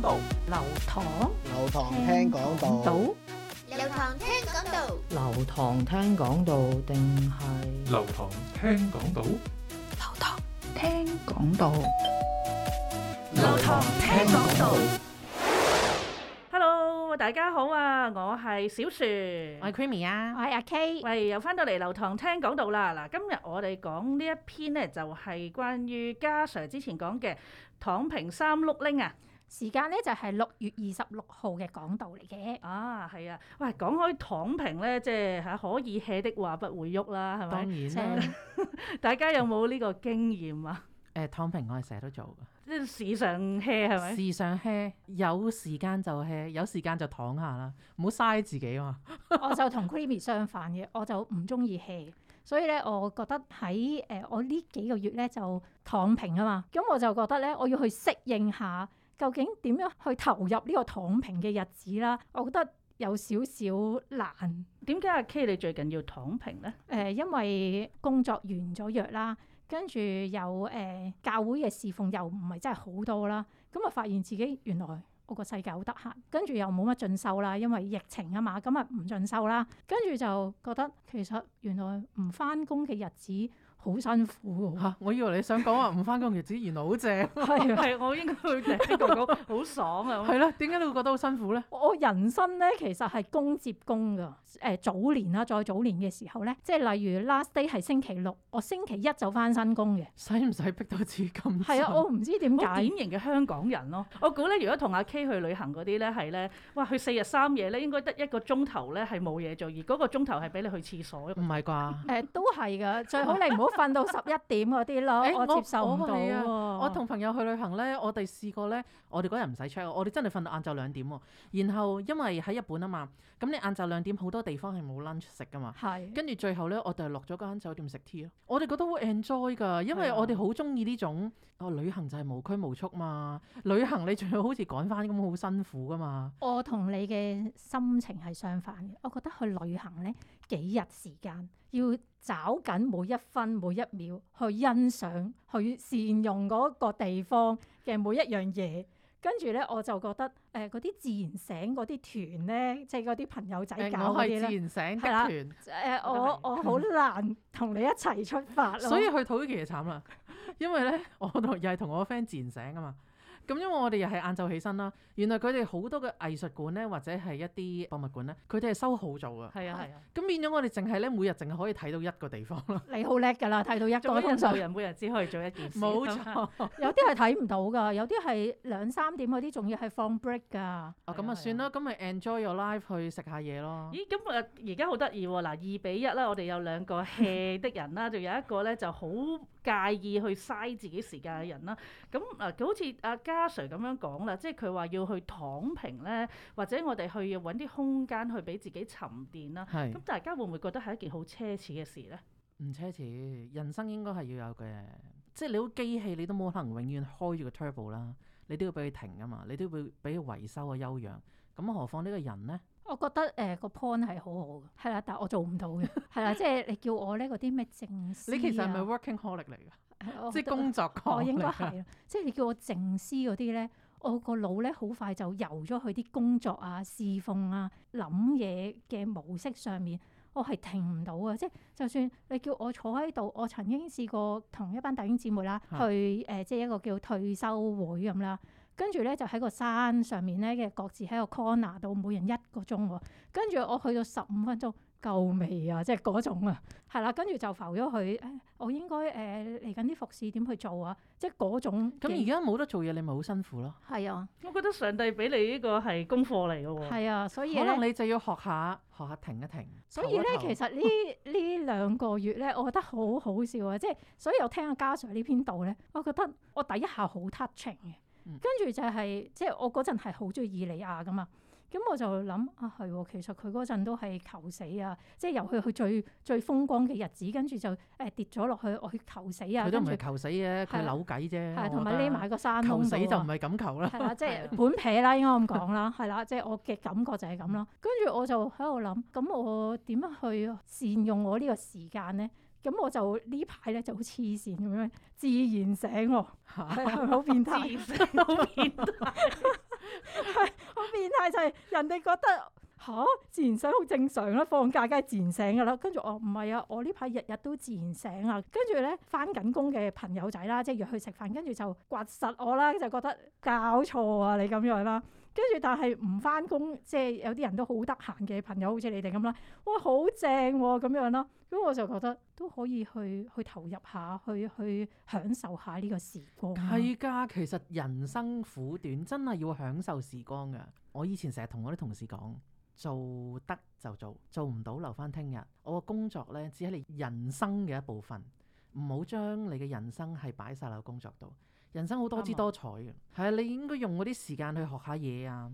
流堂，流堂聽講道，流堂聽講道，流堂聽講道定係流堂聽講道，流堂聽講道，流堂聽講道。Hello，大家好啊，我係小樹，我係 Creamy 啊，我係阿 K。喂，又翻到嚟流堂聽講道啦。嗱，今日我哋講呢一篇呢，就係關於嘉 sir 之前講嘅躺平三碌拎啊。時間咧就係、是、六月二十六號嘅講道嚟嘅。啊，係啊！喂，講開躺平咧，即係嚇可以 hea 嘅話不會喐啦，係咪？當然啦， 大家有冇呢個經驗啊？誒、呃，躺平我係成日都做嘅，即係時常 hea 係咪？時常 hea，有時間就 hea，有時間就躺下啦，唔好嘥自己啊嘛 我。我就同 Creamy 相反嘅，我就唔中意 hea，所以咧，我覺得喺誒我呢幾個月咧就躺平啊嘛，咁我就覺得咧，我要去適應下。究竟點樣去投入呢個躺平嘅日子啦？我覺得有少少難。點解阿 K 你最近要躺平咧？誒、呃，因為工作完咗約啦，跟住有誒教會嘅侍奉又唔係真係好多啦，咁啊發現自己原來我個世界好得閒，跟住又冇乜進修啦，因為疫情啊嘛，咁啊唔進修啦，跟住就覺得其實原來唔返工嘅日子。好辛苦㗎、啊！我以為你想講話唔翻工日子，原來好正。係係，我應該去頂呢個好爽啊！係咯 、啊，點解你會覺得好辛苦咧？我人生咧其實係工接工㗎。誒、呃、早年啦，再早年嘅時候咧，即係例如 last day 係星期六，我星期一就翻新工嘅。使唔使逼到至今？係啊，我唔知點解、哦。典型嘅香、哦、香港人咯。我估咧，如果同阿 K 去旅行嗰啲咧，係咧，哇！去四日三夜咧，應該得一個鐘頭咧係冇嘢做，而、那、嗰個鐘頭係俾你去廁所。唔係啩？誒、 呃、都係㗎，最好你唔好。瞓 到十一點嗰啲囉，欸、我，我接受唔到。我同朋友去旅行咧，我哋試過咧，我哋嗰日唔使 check，我哋真係瞓到晏晝兩點喎。然後因為喺日本啊嘛，咁你晏晝兩點好多地方係冇 lunch 食噶嘛。跟住是最後咧，我哋落咗間酒店食 tea 咯。我哋覺得好 enjoy 噶，因為我哋好中意呢種哦、呃，旅行就係無拘無束嘛。旅行你仲要好似趕翻咁，好辛苦噶嘛。我同你嘅心情係相反嘅，我覺得去旅行咧幾日時間。要找緊每一分每一秒去欣賞，去善用嗰個地方嘅每一樣嘢。跟住咧，我就覺得誒嗰啲自然醒嗰啲團咧，即係嗰啲朋友仔搞自然醒係啦。誒、呃，我我好難同你一齊出發咯。 所以去土耳其就慘啦，因為咧，我同又係同我 friend 自然醒啊嘛。咁因為我哋又係晏晝起身啦，原來佢哋好多嘅藝術館咧，或者係一啲博物館咧，佢哋係收號做㗎。係啊係啊，咁、啊、變咗我哋淨係咧每日淨係可以睇到一個地方咯。你好叻㗎啦，睇到一個，通常每人每人只可以做一件事。冇 錯， 有啲係睇唔到㗎，有啲係兩三點嗰啲仲要係放 break 㗎。哦、啊，咁啊算啦，咁咪 enjoy your life 去食下嘢咯。咦，咁啊而家好得意喎！嗱，二比一啦，我哋有兩個 hea 的人啦，仲 有一個咧就好介意去嘥自己時間嘅人啦，咁啊，好似阿嘉 sir 咁樣講啦，即係佢話要去躺平咧，或者我哋去揾啲空間去俾自己沉澱啦。咁是大家會唔會覺得係一件好奢侈嘅事咧？唔奢侈，人生應該係要有嘅。即係你好機器你都冇可能永遠開住個 turbo 啦，你都要俾佢停噶嘛，你都要俾佢維修啊、休養。咁何況呢個人咧？我覺得誒個 point 係好好嘅，係啦，但我做唔到嘅。係 啦，即係你叫我咧嗰啲咩靜思？你其實係咪 working holiday 嚟㗎？呃、即係工作狂我應該係， 即係你叫我靜思嗰啲咧，我個腦咧好快就遊咗去啲工作啊、侍奉啊、諗嘢嘅模式上面，我係停唔到啊。即係就算你叫我坐喺度，我曾經試過同一班弟兄姊妹啦，啊、去誒，即係一個叫退休會咁啦。跟住咧就喺個山上面咧，嘅各自喺個 corner 度，每人一個鐘、啊。跟住我去到十五分鐘夠未啊？即係嗰種啊。係啦，跟住就浮咗去、哎。我應該誒嚟緊啲服侍點去做啊？即係嗰種。咁而家冇得做嘢，你咪好辛苦咯。係啊，我覺得上帝俾你呢個係功課嚟噶。係啊，所以可能你就要學下學下停一停。所以咧，頭頭其實呢呢兩個月咧，我覺得好好笑啊！即係 所以我聽阿家 sir 呢篇道咧，我覺得我第一下好 touching 嘅。嗯、跟住就係、係，即係我嗰陣係好中意以利亞噶嘛，咁我就諗啊係喎，其實佢嗰陣都係求死啊，即係由佢去最最風光嘅日子，跟住就誒跌咗落去，我去求，求死啊！佢都唔係求死嘅，佢扭計啫。係同埋匿埋個山窿。求死就唔係咁求啦。係啊，即、就、係、係、本撇啦，應該咁講啦，係啦， 即、就、係、係、我嘅感覺就係咁咯。跟住我就喺度諗，咁我點樣去善用我呢個時間咧？咁我就呢排咧就好黐線咁樣自然醒，係咪好變態？好變態！我 變態就係人哋覺得嚇、啊、自然醒好正常啦，放假梗係自然醒噶啦。跟住我唔係啊，我呢排日日都自然醒啊。跟住咧返緊工嘅朋友仔啦，即係約去食飯，跟住就刮實我啦，就覺得搞錯啊！你咁樣啦。跟住，但係唔翻工，即係有啲人都好得閒嘅朋友，好似你哋咁啦，哇，好正喎咁樣囉，咁我就覺得都可以去去投入下去去享受下呢個時光啊。係噶，其實人生苦短，真係要享受時光噶。我以前成日同我啲同事講，做得就做，做唔到留翻聽日。我嘅工作咧，只係你人生嘅一部分，唔好將你嘅人生係擺晒落工作度。人生好多姿多彩嘅，係啊吧，你應該用嗰啲時間去學下嘢啊，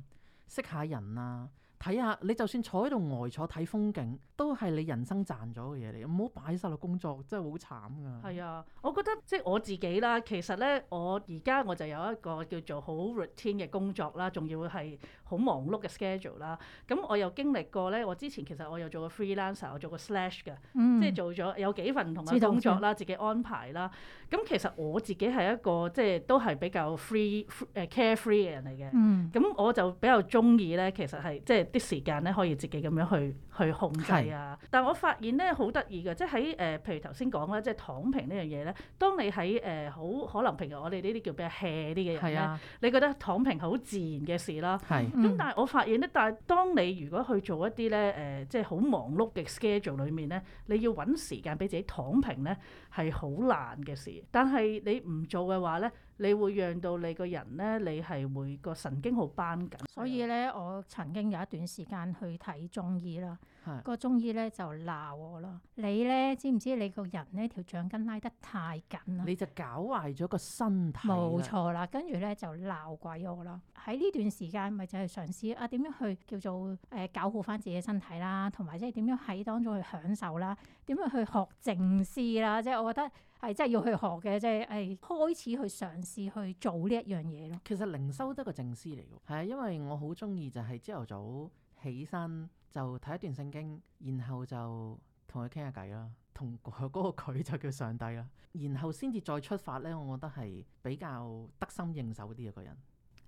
識下人啊。睇下你就算坐喺度呆坐睇風景，都係你人生賺咗嘅嘢嚟。唔好擺晒落工作，真係好慘㗎。係啊，我覺得即係、就是、我自己啦。其實咧，我而家我就有一個叫做好 routine 嘅工作啦，仲要係好忙碌嘅 schedule 啦。咁我又經歷過咧，我之前其實我又做過 freelancer，我做過 slash 嘅，嗯、即係做咗有幾份同埋工作啦，自，自己安排啦。咁其實我自己係一個即係都係比較 free carefree 嘅人嚟嘅。咁、嗯、我就比較中意咧，其實係即係。啲時間咧可以自己咁樣去去控制啊！是但我發現咧好得意嘅，即係喺誒譬如頭先講啦，即係躺平呢樣嘢咧。當你喺誒好可能譬如我哋呢啲叫咩 hea 啲嘅人咧，啊、你覺得躺平係好自然嘅事啦。咁是但係我發現咧，但係當你如果去做一啲咧誒，即係好忙碌嘅 schedule 裏面咧，你要揾時間俾自己躺平咧係好難嘅事。但係你唔做嘅話咧。你會讓到你個人咧，你係會個神經好繃緊。所以咧，我曾經有一段時間去睇中醫啦。的個中醫咧就鬧我啦。你咧知唔知你個人咧條橡筋拉得太緊啦？你就搞壞咗個身體。冇錯啦，跟住咧就鬧鬼我啦。喺呢段時間，咪就係、是、嘗試啊點樣去叫做誒、呃、搞好翻自己身體啦，同埋即係點樣喺當中去享受啦，點樣去學靜思啦，即係我覺得。係真係要去學嘅，即係、哎、開始去嘗試去做呢一樣嘢咯。其實靈修得個靜思嚟嘅，係啊，因為我好中意就係朝頭早起身就睇一段聖經，然後就同佢傾下偈啦，同嗰個佢就叫上帝啦，然後先至再出發咧。我覺得係比較得心應手啲嘅個人，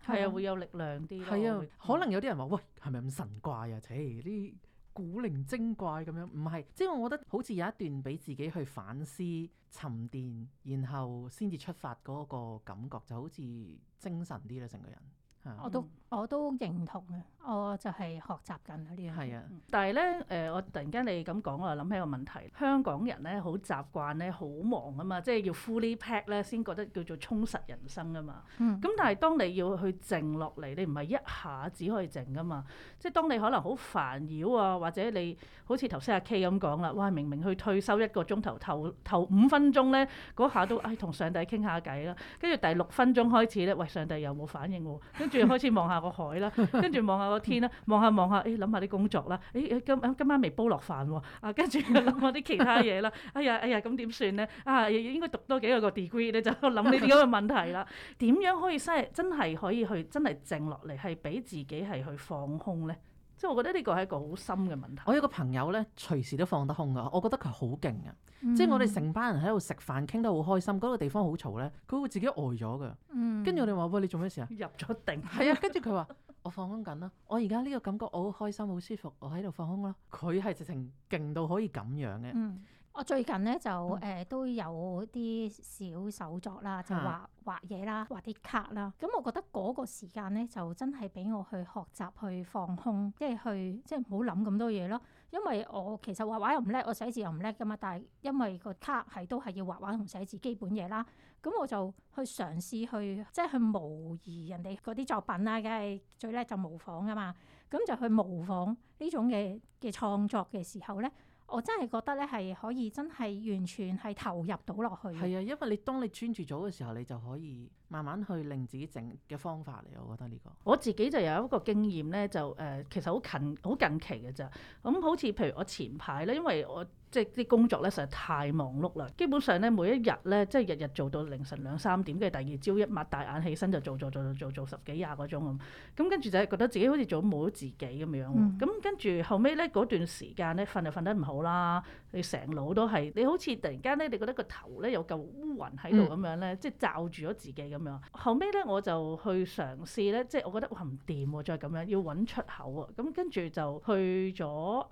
係啊的，的會有力量啲。係啊，可能有啲人話：喂，係咪咁神怪啊？扯。」呢？古靈精怪咁樣，唔係，即係、就是、我覺得好似有一段俾自己去反思、沉澱，然後先至出發個感覺就好似精神啲啦，成個人。我都我都認同嘅，我就係學習緊、嗯、呢樣。係啊，但係咧誒，我突然間你咁講，我又諗起一個問題。香港人咧好習慣咧，好忙啊嘛，即係要 fully pack 咧先覺得叫做充實人生啊嘛。咁、嗯、但係當你要去靜落嚟，你唔係一下子可以靜噶嘛。即係當你可能好煩擾啊，或者你好似頭先阿 K 咁講啦，哇！明明去退休一個鐘頭頭頭五分鐘咧，嗰下都誒同、哎、上帝傾下偈啦，跟住第六分鐘開始咧，喂上帝又冇反應喎、啊，跟住。 跟住開始望下個海啦，跟住望下個天啦，望下望下，誒諗下啲工作啦，誒、哎、誒今今晚未煲落飯喎，啊跟住又諗下啲其他嘢啦，哎呀哎呀咁點算咧？啊，應該讀多幾個個 degree 咧，就諗呢啲咁嘅問題啦。點樣可以真係真係可以去真係靜落嚟，係俾自己係去放空咧？即係我覺得呢個係一個好深嘅問題。我有個朋友咧，隨時都放得空㗎，我覺得佢好勁啊！嗯、即係我哋成班人喺度食飯傾得好開心，嗰、嗰個地方好嘈咧，佢會自己呆咗㗎。跟住、嗯、我哋話：喂，你做咩事 啊？入咗定。係啊，跟住佢話：我放空緊啦，我而家呢個感覺我好開心、好舒服，我喺度放空啦，佢係直情勁到可以咁樣嘅。嗯我最近咧就誒、呃、都有啲小手作啦，就畫畫嘢啦，畫啲卡啦。咁我覺得嗰個時間咧就真係俾我去學習去放空，即係去即係唔好諗咁多嘢咯。因為我其實畫畫又唔叻，我寫字又唔叻噶嘛。但係因為個卡係都係要畫畫同寫字基本嘢啦，咁我就去嘗試去即係去模擬人哋嗰啲作品啦。梗係最叻就模仿噶嘛。咁就去模仿呢種嘅嘅創作嘅時候咧。我真係覺得咧，係可以真係完全係投入到落去。係啊，因為你當你專注咗嘅時候，你就可以。慢慢去令自己整嘅方法嚟，我覺得呢、呢個我自己就有一個經驗咧，就誒、呃、其實好近好近期嘅咋，咁、嗯、好似譬如我前排咧，因為我即係啲工作咧實在太忙碌啦，基本上咧每一日咧即係日日做到凌晨兩三點嘅第二朝一擘大眼起身就做做做做做，做，做十幾廿個鐘咁。咁、嗯嗯嗯、跟住就係覺得自己好似做冇咗自己咁樣，咁跟住後尾咧嗰段時間咧瞓就瞓得唔好啦，你成腦都係你好似突然間咧，你覺得個頭咧有嚿烏雲喺度咁樣咧，即係罩住咗自己咁樣，後尾咧我就去嘗試咧，即係我覺得哇唔掂喎，再咁樣要揾出口啊！咁跟住就去咗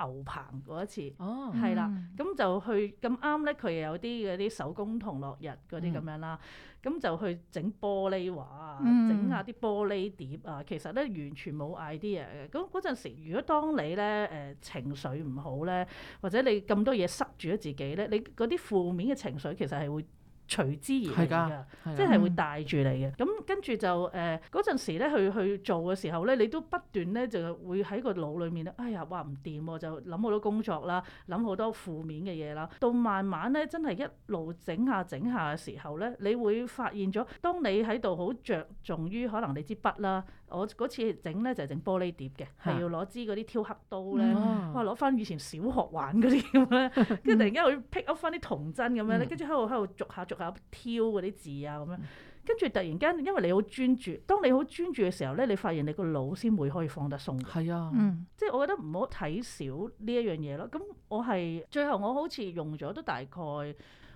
牛棚嗰一次，哦，係啦，咁、嗯、就去咁啱咧，佢又有啲嗰啲手工同落日嗰啲咁樣啦，咁、嗯、就去整玻璃畫，整下啲玻璃碟啊。嗯、其實咧完全冇 idea 嘅。咁嗰陣時，如果當你咧誒情緒唔好咧，或者你咁多嘢塞住咗自己咧，你嗰啲負面嘅情緒其實係會隨之而嚟嘅，即係會帶住你嘅。咁、嗯、跟住就誒，嗰、呃、陣時咧去去做嘅時候咧，你都不斷咧就會喺個腦裏面咧，哎呀，話唔掂喎，就諗好多工作啦，諗好多負面嘅嘢啦。到慢慢咧，真係一路整下整下嘅時候咧，你會發現咗，當你喺度好着重於可能你支筆啦。我次整咧就係、是、整玻璃碟嘅，係要攞支嗰啲挑黑刀咧，啊、哇！攞翻以前小學玩嗰啲咁咧，跟 住突然間會 pick up 翻啲童真咁樣咧，跟住喺度喺度逐下逐下挑嗰啲字啊咁樣，跟住突然間因為你好專注，當你好專注嘅時候咧，你發現你個腦先會可以放得鬆。係啊，嗯，即係我覺得唔好睇少呢一樣嘢咯。咁我係最後我好似用咗都大概。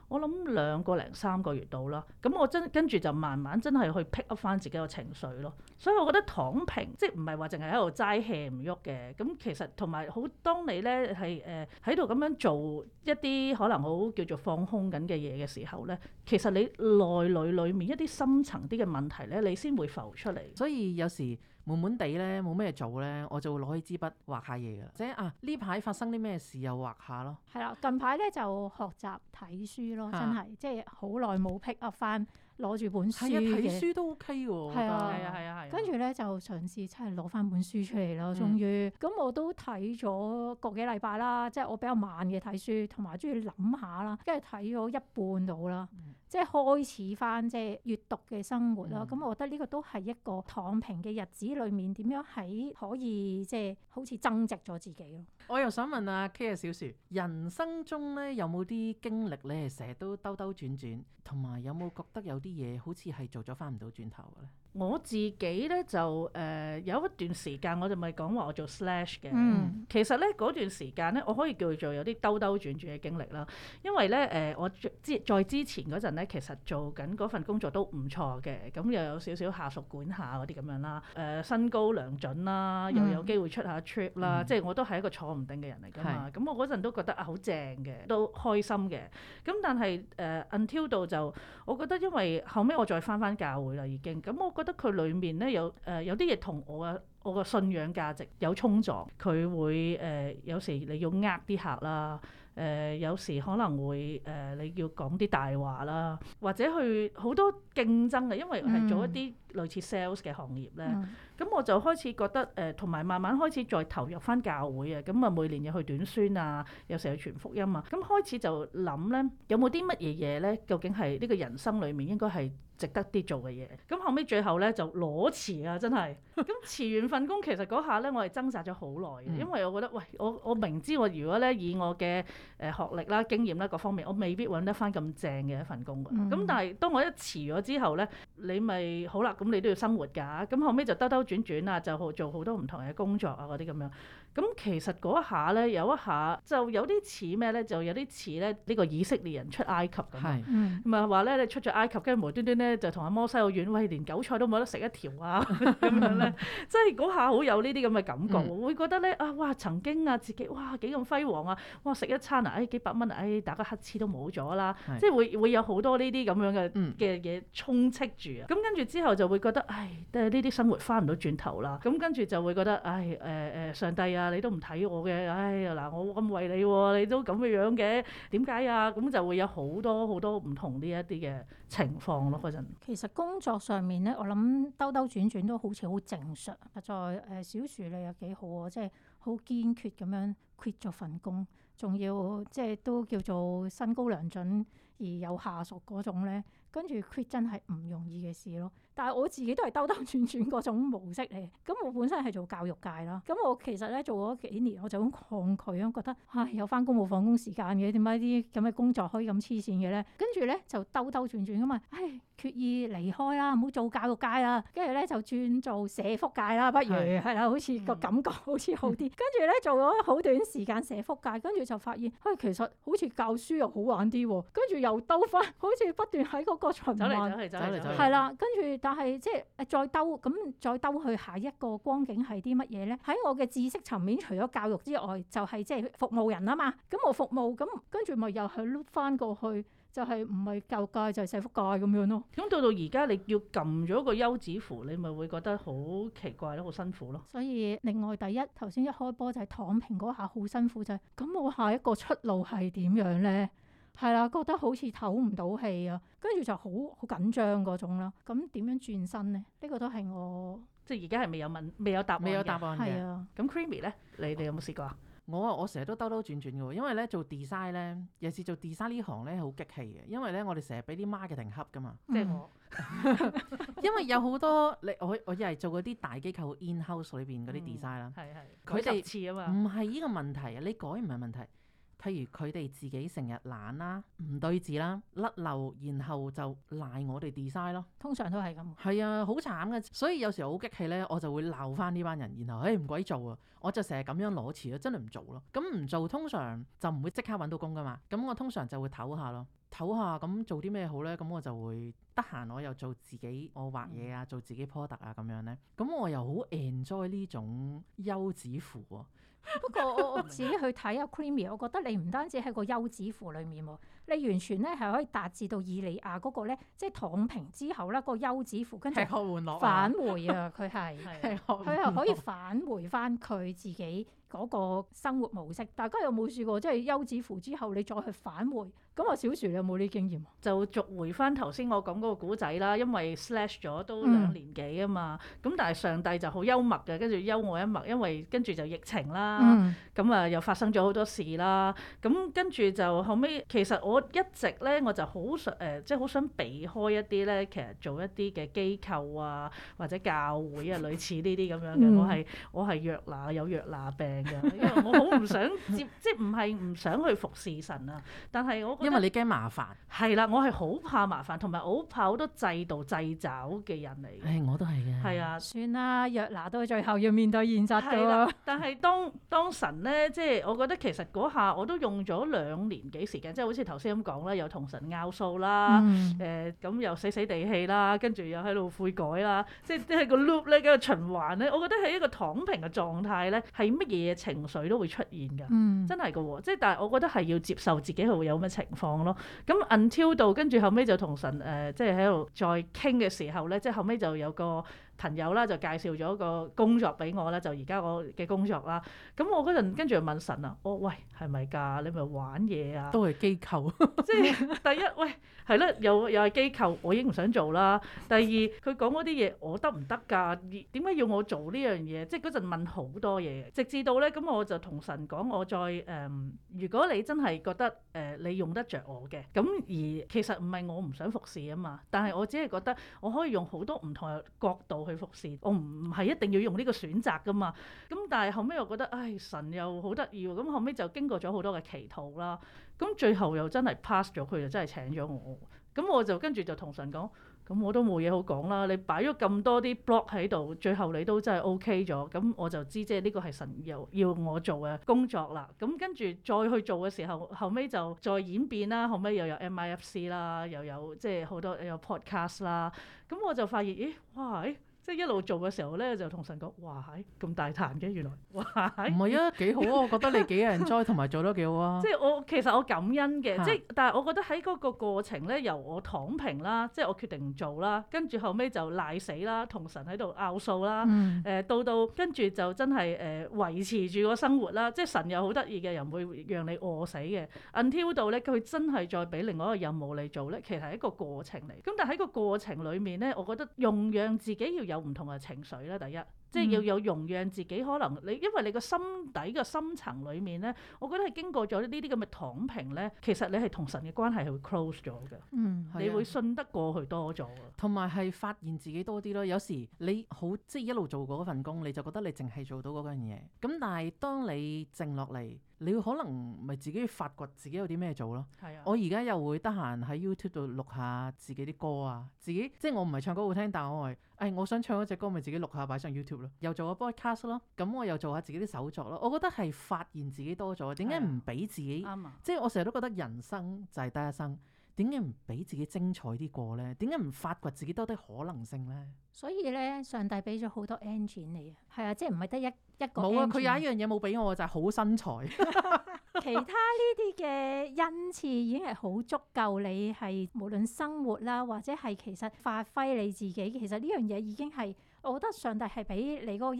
我諗兩個零三個月到啦，咁我真跟住就慢慢真係去 pick up 翻自己個情緒咯。所以我覺得躺平即係唔係話淨係喺度齋 hea 唔喐嘅。咁其實同埋好，當你咧係誒喺度咁樣做一啲可能好叫做放空緊嘅嘢嘅時候咧，其實你內裡裡面一啲深層啲嘅問題咧，你先會浮出嚟。所以有時悶悶地咧冇咩做咧，我就會攞起支筆畫下嘢嘅。即啊，呢排發生啲咩事又畫下咯。係啦、啊，近排咧就學習睇書。真係、啊、即係好耐冇 pick up 翻，攞住本書嘅。係啊，睇書都 OK 喎。係啊，係啊，係。跟住咧就嘗試即係攞翻本書出嚟咯。終於，咁我都睇咗個幾禮拜啦。即係我比較慢嘅睇書，同埋中意諗下啦。跟住睇咗一半到啦。嗯即係開始翻即係閱讀嘅生活咯，咁、嗯、我覺得呢個都係一個躺平嘅日子裏面，點樣喺可以即係好似增值咗自己咯。我又想問阿 K 嘅小説，人生中咧有冇啲經歷咧，成日都兜兜轉轉，同埋有冇覺得有啲嘢好似係做咗翻唔到轉頭嘅咧？我自己咧就誒有一段時間，我哋咪講話我做 slash 嘅。嗯、其實咧嗰段時間咧，我可以叫做有啲兜兜轉轉嘅經歷啦。因為咧誒，我之在之前嗰陣咧，其實做緊嗰份工作都唔錯嘅，咁又有少少下屬管下嗰啲咁樣啦。誒、呃、薪高糧準啦，又有，有機會出下 trip 啦、嗯。嗯、即係我都係一個坐唔定嘅人嚟㗎嘛。咁我嗰陣都覺得啊好正嘅，都開心嘅。咁但係誒、呃、until 到就，我覺得因為後尾我再翻翻教會啦已經。咁我。覺得佢裏面咧有誒有啲嘢同我嘅我嘅信仰價值有衝撞，佢會誒、呃、有時你要呃啲客啦，誒有時可能會誒、呃、你要講啲大話啦，或者去好多競爭呀，因為係做一啲。嗯類似 sales 嘅行業咧，咁、嗯、我就開始覺得誒，同、呃、埋慢慢開始再投入翻教會啊，咁啊每年又去短宣啊，又成日傳福音啊，咁開始就諗咧，有冇啲乜嘢嘢咧，究竟係呢個人生裡面應該係值得啲做嘅嘢？咁後尾最後咧就裸辭啊，真係！咁辭完份工，其實嗰下咧我係掙扎咗好耐嘅，嗯、因為我覺得喂，我我明知我如果咧以我嘅誒學歷啦、經驗啦各方面，我未必揾得翻咁正嘅一份工嘅。咁、嗯、但係當我一辭咗之後咧，你咪好啦。好咁你都要生活㗎，咁後尾就兜兜轉轉啊，就好做好多唔同嘅工作啊，嗰啲咁樣。咁其實嗰一下咧，有一下就有啲似咩咧？就有啲似咧呢個以色列人出埃及咁啊！咪話咧，你出咗埃及，跟住無端端咧就同阿摩西奧怨，喂，連韭菜都冇得食一條啊！咁、 嗯、樣咧，即係嗰下好有呢啲咁嘅感覺，嗯、會覺得咧啊哇，曾經啊自己哇幾咁輝煌啊！哇食一餐啊，誒、哎、幾百蚊啊、哎，打個乞嗤都冇咗啦！是即係會會有好多呢啲咁樣嘅嘅嘢充斥住啊！咁、嗯嗯、跟住之後就會覺得唉，呢啲生活翻唔到轉頭啦！咁跟住就會覺得唉誒誒、呃、上帝啊！你都唔睇我嘅，哎呀，嗱，我咁為你，你都咁嘅樣嘅，點解啊？咁就會有好多好多唔同呢一啲嘅情況咯。嗰陣其實工作上面咧，我諗兜兜轉轉都好似好正常。在誒小樹你又幾好啊，即係好堅決咁樣 quit 咗份工，仲要即係都叫做身高良準而有下屬嗰種咧。跟住 quit 真係唔容易嘅事咯，但係我自己都係兜兜轉轉嗰種模式嚟，咁我本身係做教育界啦，咁我其實咧做咗幾年，我就咁抗拒啊，覺得唉、哎，有翻工冇放工時間嘅，點解啲咁嘅工作可以咁黐線嘅咧？跟住咧就兜兜轉轉咁啊，唉、哎、決意離開啦，唔好做教育界啦，跟住咧就轉做社福界啦，不如係啦、啊啊，好似個感覺好似好啲。 跟住咧做咗好短時間社福界，跟住就發現，唉、哎、其實好似教書又好玩啲，跟住又兜翻，好似不斷喺個個循環係啦，跟住但係即係再兜咁再兜去下一個光景係啲乜嘢咧？喺我嘅知識層面，除咗教育之外，就係即係服務人啊嘛。咁我服務，咁跟住咪又去 loop 翻過去，就係唔係教育界就係社福界咁樣咯。咁到到而家，你要撳咗個休止符，你咪會覺得好奇怪咯，好辛苦咯。所以另外，第一頭先一開波就係躺平嗰下好辛苦，就係、是、咁。我下一個出路係點樣咧？係啦，覺得好似唞唔到氣啊，跟住就好好緊張嗰種啦。咁點樣轉身咧？呢、呢個都係我即係而家係未有問、未有答案、未有答案嘅。係啊的，咁 Creamy 咧，你哋有冇試過啊、嗯？我啊，我成日都兜兜轉轉嘅喎，因為咧做 design 咧，尤其是做 design 呢行咧，好激氣嘅。因為咧我哋成日俾啲 marketing 恰 u 噶嘛，即係我。 因為有好多你我我以為做嗰啲大機構 in-house 裏邊嗰啲 design 啦，佢哋似啊嘛。唔係呢個問題啊，你改唔係問題。譬如佢哋自己成日懶啦，唔對字啦，甩漏，然後就賴我哋 design 咯。通常都係咁。係啊，好慘嘅。所以有時好激氣咧，我就會鬧返呢班人。然後誒唔、欸、鬼做啊！我就成日咁樣攞詞啊，真係唔做咯。咁唔做通常就唔會即刻揾到工噶嘛。咁我通常就會唞下咯，唞下咁做啲咩好咧？咁我就會得閒我又做自己我畫嘢啊，嗯、做自己 product 啊咁樣咧。咁我又好 enjoy 呢種休止符喎。 不過我我自己去睇下 Creamy，我覺得你唔單止喺個幼稚庫裡面喎。你完全咧係可以達至到以利亞嗰個咧，即係躺平之後啦。個休止符跟住返回啊！佢係佢係可以返回翻佢自己嗰個生活模式。大家有冇試過？即係休止符之後，你再去返回，咁我小樹你有冇呢啲經驗？就續回翻頭先我講嗰個古仔啦，因為 slash 咗都兩年幾啊嘛。咁、嗯、但係上帝就好幽默嘅，跟住幽我一默，因為跟住就疫情啦，咁啊、嗯嗯、又發生咗好多事啦。咁跟住就後尾，其實我。我一直咧，我就好想誒、呃，即係好想避開一啲咧，其實做一啲嘅機構啊，或者教會啊，類似呢啲咁樣嘅、嗯。我係我係約拿有約拿病嘅，因為我好唔想接，即係唔係唔想去服侍神啊。但係我因為你驚麻煩係啦，我係好怕麻煩同埋好怕好多制度掣肘嘅人嚟、哎。我都係嘅。係啊，算啦，約拿到最後要面對現實㗎、啊、但係當當神咧，即係我覺得其實嗰下我都用咗兩年幾時間，即係好似頭先。咁講咧，又同神拗數啦，誒咁、嗯嗯、又死死地氣啦，跟住又喺度悔改啦，即係即係個 loop 咧，嗰個循環咧、那個，我覺得係一個躺平嘅狀態咧，係乜嘢情緒都會出現㗎，嗯、真係㗎喎，即係但係我覺得係要接受自己係會有咩情況咯。咁 until 到，unt do, 跟住後尾就同神誒、呃就是，即係喺度再傾嘅時候咧，即係後尾就有個。朋友啦就介紹咗個工作俾我啦，就而家我嘅工作啦。咁我嗰陣跟住問神啊，我、哦、喂係咪㗎？你咪玩嘢啊？都係機構， 即係第一喂係啦，又又係機構，我已經唔想做啦。第二佢講嗰啲嘢，我得唔得㗎？點解要我做呢樣嘢？即係嗰陣問好多嘢，直至到咧，咁我就同神講，我再誒，如果你真係覺得誒、呃、你用得着我嘅，咁而其實唔係我唔想服侍啊嘛，但係我只係覺得我可以用好多唔同嘅角度。去服侍，我唔唔係一定要用呢個選擇噶嘛，咁但係後尾又覺得，唉，神又好得意，咁後尾就經過咗好多嘅祈禱啦，咁最後又真係 pass 咗，佢就真係請咗我，咁我就跟住就同神講，咁我都冇嘢好講啦，你擺咗咁多啲 block 喺度，最後你都真係 OK 咗，咁我就知即係呢個係神又要，要我做嘅工作啦，咁跟住再去做嘅時候，後尾就再演變啦，後尾又有 MIFC 啦，又有即係好多有 podcast 啦，咁我就發現，咦，哇，即係一路做嘅時候咧，就同神講，哇！咁大壇嘅原來，哇！唔係啊，幾好啊！ 我覺得你幾 enjoy 同埋做得幾好啊！即係我其實我感恩嘅，啊、即係但係我覺得喺嗰個過程咧，由我躺平啦，即係我決定唔做啦，跟住後尾就賴死啦，同神喺度拗數啦，誒到到跟住就真係誒維持住個生活啦。即係神又好得意嘅，又唔會讓你餓死嘅。until 到咧佢真係再俾另外一個任務你做咧，其實係一個過程嚟。咁但係喺個過程裏面咧，我覺得用讓自己要有。有唔同嘅情緒啦。第一，即係要有容讓自己，可能你因為你個心底嘅深層裏面咧，我覺得係經過咗呢啲咁嘅躺平咧，其實你係同神嘅關係係會 close 咗嘅，嗯，啊、你會信得過去多咗，同埋係發現自己多啲咯。有時你好即係一路做過嗰份工，你就覺得你淨係做到嗰樣嘢，咁但係當你靜落嚟，你可能咪自己發掘自己有啲咩做咯。係啊，我而家又會得閒喺 YouTube 度錄下自己啲歌啊，自己即係我唔係唱歌好聽，但係我係誒、哎、我想唱嗰隻歌，咪自己錄下擺上 YouTube 咯。又做下 podcast 咯，咁我又做下自己啲手作咯。我覺得係發現自己多咗，點解唔俾自己？啊、即係我成日都覺得人生就係得一生，點解唔俾自己精彩啲過咧？點解唔發掘自己多啲可能性咧？所以咧，上帝俾咗好多 engine 嚟啊，係啊，即係唔係得一。冇啊！佢有，有一樣嘢冇俾我，就係好身材。 其他呢啲嘅恩賜已經係好足夠，你係無論生活啦，或者係其實發揮你自己。其實呢樣嘢已經係。我覺得上帝係俾你嗰個恩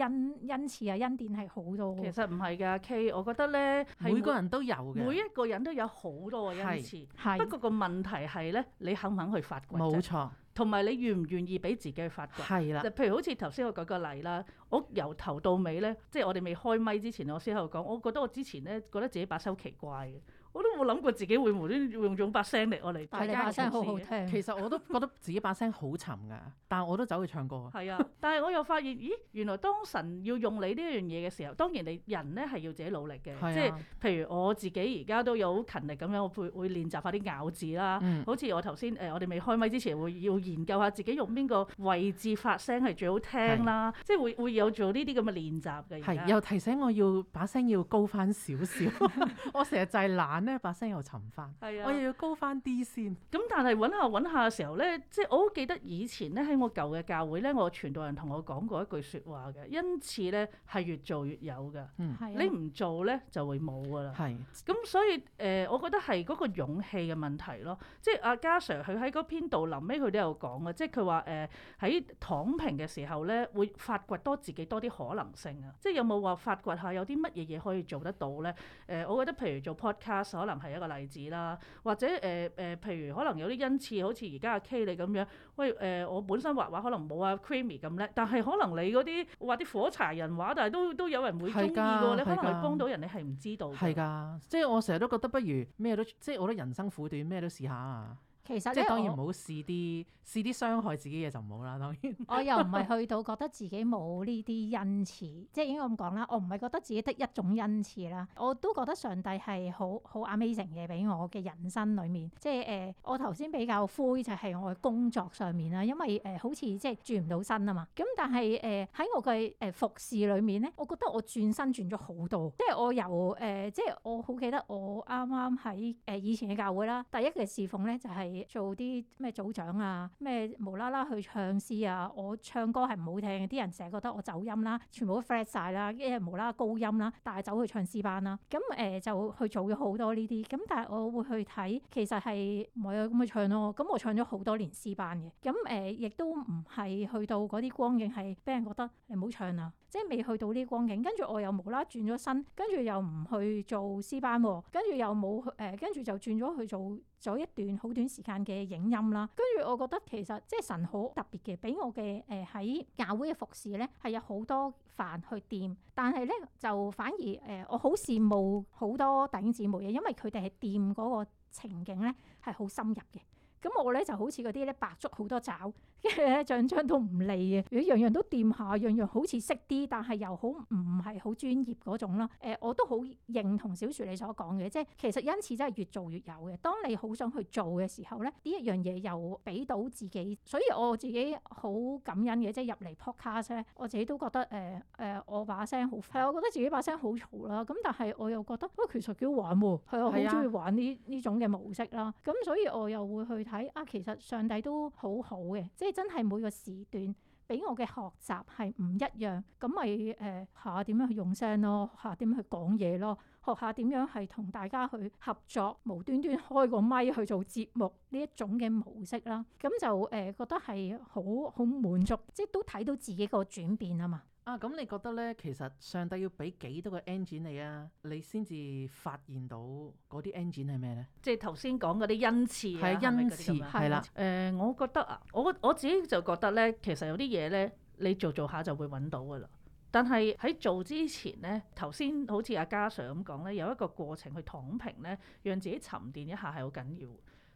恩賜啊，恩典係好多。其實唔係㗎，K，我覺得咧，每個人都有嘅。每一個人都有好多個恩賜，不過個問題係咧，你肯唔肯去發掘？冇錯。同埋你願唔願意俾自己去發掘？係啦的。就譬如好似頭先我舉個例啦，我由頭到尾咧，即係我哋未開咪之前，我先喺度講，我覺得我之前咧，覺得自己把聲奇怪嘅。我都冇諗過自己會無端用用把聲嚟我嚟大推介好詞。其實我都覺得自己把聲好沉㗎， 但係我都走去唱歌。係 啊，但係我又發現，咦，原來當神要用你呢樣嘢嘅時候，當然你人咧係要自己努力嘅。啊、即係譬如我自己而家都有好勤力咁樣，我會會練習下啲咬字啦。嗯、好似我頭先誒，我哋未開咪之前會要研究下自己用邊個位置發聲係最好聽啦。是即係會會有做呢啲咁嘅練習嘅。係又提醒我要把聲要高翻少少。 我成日就係懶。揾把聲又沉翻，啊、我又要高翻啲先。咁、嗯、但係揾下揾下嘅時候咧，即、就、係、是、我好記得以前咧喺我舊嘅教會咧，我傳道人同我講過一句説話嘅，因此咧係越做越有噶。嗯、你唔做咧就會冇噶啦。係、啊。咁所以誒、呃，我覺得係嗰個勇氣嘅問題咯。即係阿嘉 sir，佢喺嗰篇道臨尾佢都有講啊。即係佢話誒喺躺平嘅時候咧，會發掘多自己多啲可能性啊。即係有冇話發掘下有啲乜嘢嘢可以做得到咧？誒、呃，我覺得譬如做 podcast。可能係一個例子啦，或者誒誒、呃呃，譬如可能有啲恩賜，好似而家阿 K 你咁樣，喂誒、呃，我本身畫畫可能冇阿 Creamy 咁叻，但係可能你嗰啲畫啲火柴人畫，但係都都有人會中意㗎喎，你可能係幫到人，你係唔知道㗎。係㗎，即係我成日都覺得不如咩都，即係我覺得人生苦短，咩都試下啊！其實即、這、係、個、當然唔好試啲我試啲傷害自己嘅就唔好啦，當然。我又唔係去到覺得自己冇呢啲恩賜， 即係應該咁講啦。我唔係覺得自己得一種恩賜啦，我都覺得上帝係好好 amazing 嘅俾我嘅人生裏面。即係誒、呃，我頭先比較灰就係我工作上面啦，因為誒、呃、好似即係轉唔到身啊嘛。咁但係誒喺我嘅誒服侍裏面咧，我覺得我轉身轉咗好多。即係我由誒、呃，即係我好記得我啱啱喺誒以前嘅教會啦，第一個侍奉咧就係、是。就是做啲咩組長啊，咩無啦啦去唱詩啊！我唱歌係唔好聽，啲人成日覺得我走音啦，全部都 flat 晒啦，一日無啦啦高音啦，但係走去唱詩班啦。咁、嗯、誒就去做咗好多呢啲。咁但係我會去睇，其實係唔有咁去唱咯？咁、嗯、我唱咗好多年詩班嘅。咁誒亦都唔係去到嗰啲光景係俾人覺得你唔好唱啦，即係未去到呢啲光景。跟住我又無啦啦轉咗身，跟住又唔去做詩班喎、啊，跟住又冇去誒，跟、呃、住就轉咗去做。咗一段好短時間嘅影音啦，跟住我覺得其實即係神好特別嘅，俾我嘅誒喺教會嘅服侍咧，係有好多飯去掂，但係咧就反而誒、呃、我好羨慕好多弟兄姊妹嘅，因為佢哋係掂嗰個情景咧係好深入嘅。咁我咧就好似嗰啲咧百足好多爪，跟住咧張張都唔利嘅，如果樣樣都掂下，樣樣好似識啲，但係又好唔係好專業嗰種啦。誒、呃，我都好認同小樹你所講嘅，即係其實因此真係越做越有嘅。當你好想去做嘅時候咧，呢一樣嘢又俾到自己，所以我自己好感恩嘅。即係入嚟 Podcast，我自己都覺得誒誒、呃呃，我把聲好係，我覺得自己把聲好嘈啦。咁但係我又覺得不過其實幾好玩喎，係啊，好中意玩呢呢種嘅模式啦。咁、啊、所以我又會去。睇啊，其實上帝都好好嘅，即係真係每個時段俾我嘅學習係唔一樣，咁咪誒學下點樣去用聲咯，學下點樣去講嘢咯，學下點樣係同大家去合作，無端端開個咪去做節目呢一種嘅模式啦，咁就誒、呃、覺得係好好滿足，即係都睇到自己個轉變啊嘛～啊，咁你覺得咧，其實上帝要俾幾多個恩賜你啊？你先至發現到嗰啲恩賜係咩咧？即係頭先講嗰啲恩賜係恩賜，係啦、啊。誒恩賜，我覺得啊，我我自己就覺得咧，其實有啲嘢咧，你做做下就會揾到噶啦。但係喺做之前咧，頭先好似阿嘉 sir 咁講咧，有一個過程去躺平咧，讓自己沉澱一下係好緊要。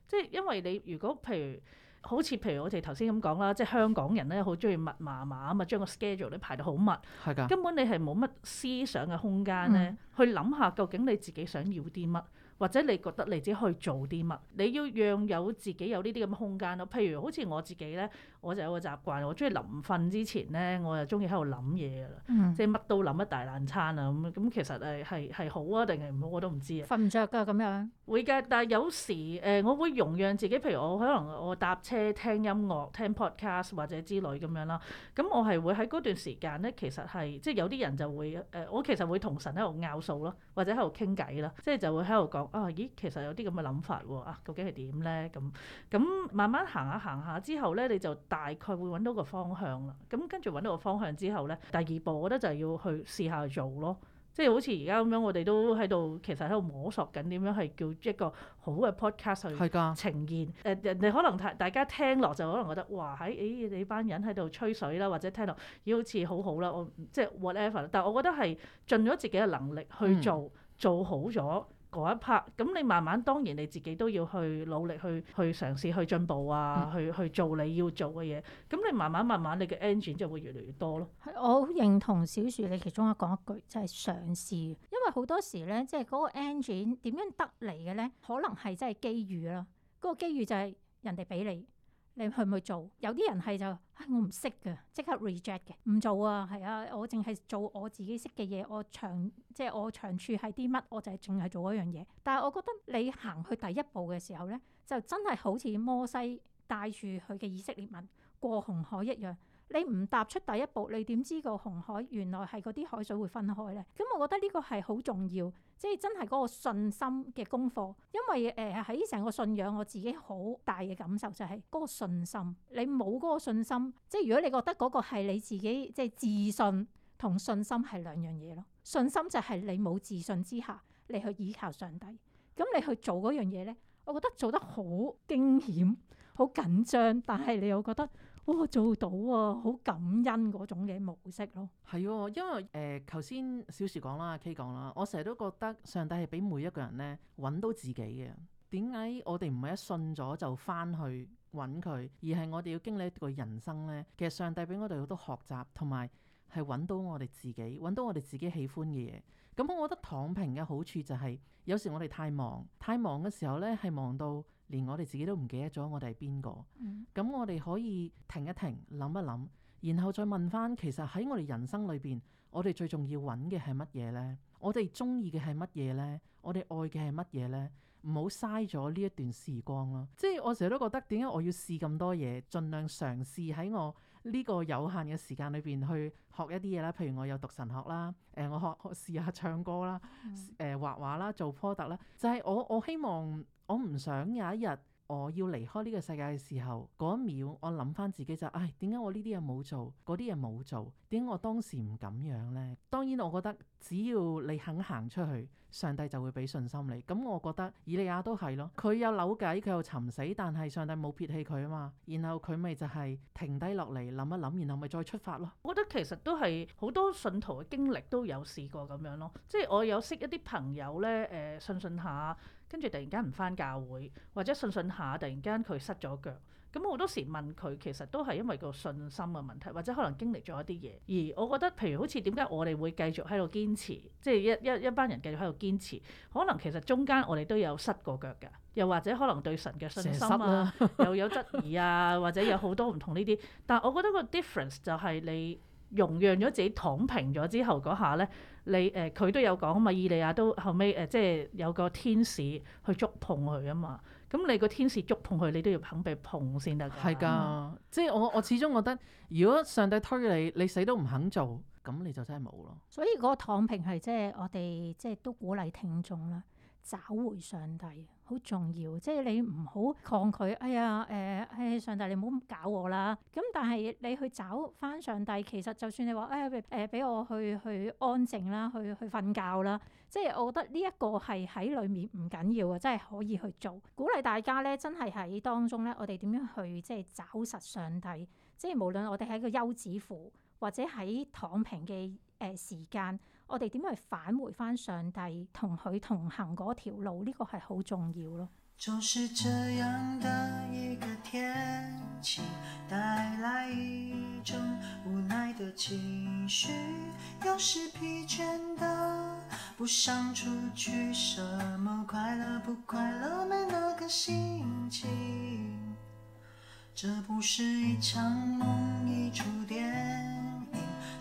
即係因為你如果譬如。好似譬如我哋頭先咁講啦，即係香港人咧，好中意密麻麻啊嘛，將個 schedule 咧排到好密，的根本你係冇乜思想嘅空間咧，嗯、去諗下究竟你自己想要啲乜，或者你覺得你自己可以做啲乜，你要讓有自己有呢啲咁嘅空間咯。譬如好似我自己咧，我就有個習慣，我中意臨瞓之前咧，我就中意喺度諗嘢噶啦，嗯、即係乜都諗一大攤餐啊咁。咁其實誒係係好啊定係唔好、啊、我都唔知啊。瞓唔着㗎咁樣。會嘅，但係有時誒、呃，我會容讓自己，譬如我可能我搭車聽音樂、聽 podcast 或者之類咁樣啦。咁我係會喺嗰段時間咧，其實係即係有啲人就會誒、呃，我其實會同神喺度拗數咯，或者喺度傾偈啦。即係就會喺度講啊，咦，其實有啲咁嘅諗法喎啊，究竟係點咧？咁咁慢慢行下行下之後咧，你就大概會揾到個方向啦。咁跟住揾到個方向之後咧，第二步我覺得就要去試下去做咯。即係好似而家咁樣，我哋都喺度，其實喺度摸索緊點樣係叫一個好嘅 podcast 去呈現，誒的人哋可能睇，大家聽落就可能覺得，哇喺誒你班人喺度吹水啦，或者聽落咦好似好好啦，我即係 whatever。但我覺得係盡咗自己嘅能力去做，嗯、做好咗。嗰一 part，咁你慢慢當然你自己都要去努力去去嘗試去進步啊，嗯、去去做你要做嘅嘢。咁你慢慢慢慢，你嘅 engine 就會越嚟越多咯。係，我好認同小樹你其中一講一句，就係、是、嘗試。因為好多時咧，即係嗰個 engine 點樣得嚟嘅咧，可能係真係機遇咯。嗰、那個機遇就係人哋俾你。你去唔去做？有啲人係就，唉，我唔識嘅，即刻 reject 嘅，唔做啊，係啊，我淨係做我自己識嘅嘢，我長即係、就是、我長處係啲乜，我就係仲係做嗰樣嘢。但係我覺得你行去第一步嘅時候咧，就真係好似摩西帶住佢嘅以色列民過紅海一樣。你唔踏出第一步，你點知個紅海原來係嗰啲海水會分開咧？咁我覺得呢個係好重要，即係真係嗰個信心嘅功課。因為誒喺成個信仰，我自己好大嘅感受就係嗰個信心。你冇嗰個信心，即係如果你覺得嗰個係你自己，即係自信同信心係兩樣嘢咯。信心就係你冇自信之下，你去依靠上帝。咁你去做嗰樣嘢咧，我覺得做得好驚險、好緊張，但係你又覺得。哇，做到啊，好感恩嗰種嘅模式咯。係、 嗯，因為誒，頭、呃、先小樹講啦，阿 K 講啦，我成日都覺得上帝係俾每一個人咧揾到自己嘅。點解我哋唔係一信咗就翻去揾佢，而係我哋要經歷一個人生咧？其實上帝俾我哋好多學習，同埋係揾到我哋自己，揾到我哋自己喜歡嘅嘢。咁我覺得躺平嘅好處就係、是，有時我哋太忙，太忙嘅時候咧，係忙到。連我哋自己都唔記得咗，嗯、我哋係邊個？咁我哋可以停一停，諗一諗，然後再問翻，其實喺我哋人生裏邊，我哋最重要揾嘅係乜嘢呢？我哋鍾意嘅係乜嘢呢？我哋愛嘅係乜嘢呢？唔好嘥咗呢一段時光咯。即係我成日都覺得，點解我要試咁多嘢？盡量嘗試喺我呢個有限嘅時間裏邊去學一啲嘢啦。譬如我有讀神學啦，誒、呃，我學試下唱歌啦，誒、呃，畫畫啦，做 pod 啦。就係、是、我我希望。我唔想有一日我要離開呢個世界嘅時候，嗰一秒我諗翻自己就是，唉，點解我呢啲嘢冇做，嗰啲嘢冇做，點解我當時唔咁樣呢？當然，我覺得只要你肯行出去，上帝就會俾信心你。咁、嗯、我覺得以利亞都係咯，佢有扭計，佢又尋死，但係上帝冇撇棄佢啊嘛。然後佢咪就係停低落嚟諗一諗，然後咪再出發咯。我覺得其實都係好多信徒嘅經歷都有試過咁樣咯。即係我有識一啲朋友咧，誒、呃，信信下。跟住突然間唔翻教會，或者信信下，突然間佢失咗腳。咁好多時問佢，其實都係因為個信心嘅問題，或者可能經歷咗一啲嘢。而我覺得，譬如好似點解我哋會繼續喺度堅持，即係一一班人繼續喺度堅持，可能其實中間我哋都有失過腳㗎，又或者可能對神嘅信心啊，心啊又有質疑啊， 或者有好多唔同呢啲。但係我覺得個 difference 就係你容讓咗自己躺平咗之後嗰下咧。你誒佢、呃、都有講啊嘛，以利亞都後尾誒、呃，即係有個天使去觸碰佢啊嘛。咁你個天使觸碰佢，你都要肯被碰先得㗎。係㗎，即係我我始終覺得，如果上帝推你，你死都唔肯做，咁你就真係冇咯。所以嗰個躺平係即係我哋即係都鼓勵聽眾啦。找回上帝好重要，即係你唔好抗拒。哎呀，誒、哎、誒、哎，上帝你唔好搞我啦！咁但係你去找返上帝，其實就算你話誒誒，俾、哎呃、我去去安靜啦，去去瞓覺啦，即係我覺得呢一個係喺裏面唔緊要嘅，真係可以去做。鼓勵大家咧，真係喺當中咧，我哋點樣去即係找實上帝？即係無論我哋喺一個休止符或者喺躺平嘅誒時間。我哋點樣去返回翻上帝同佢同行嗰條路？呢個係好重要咯。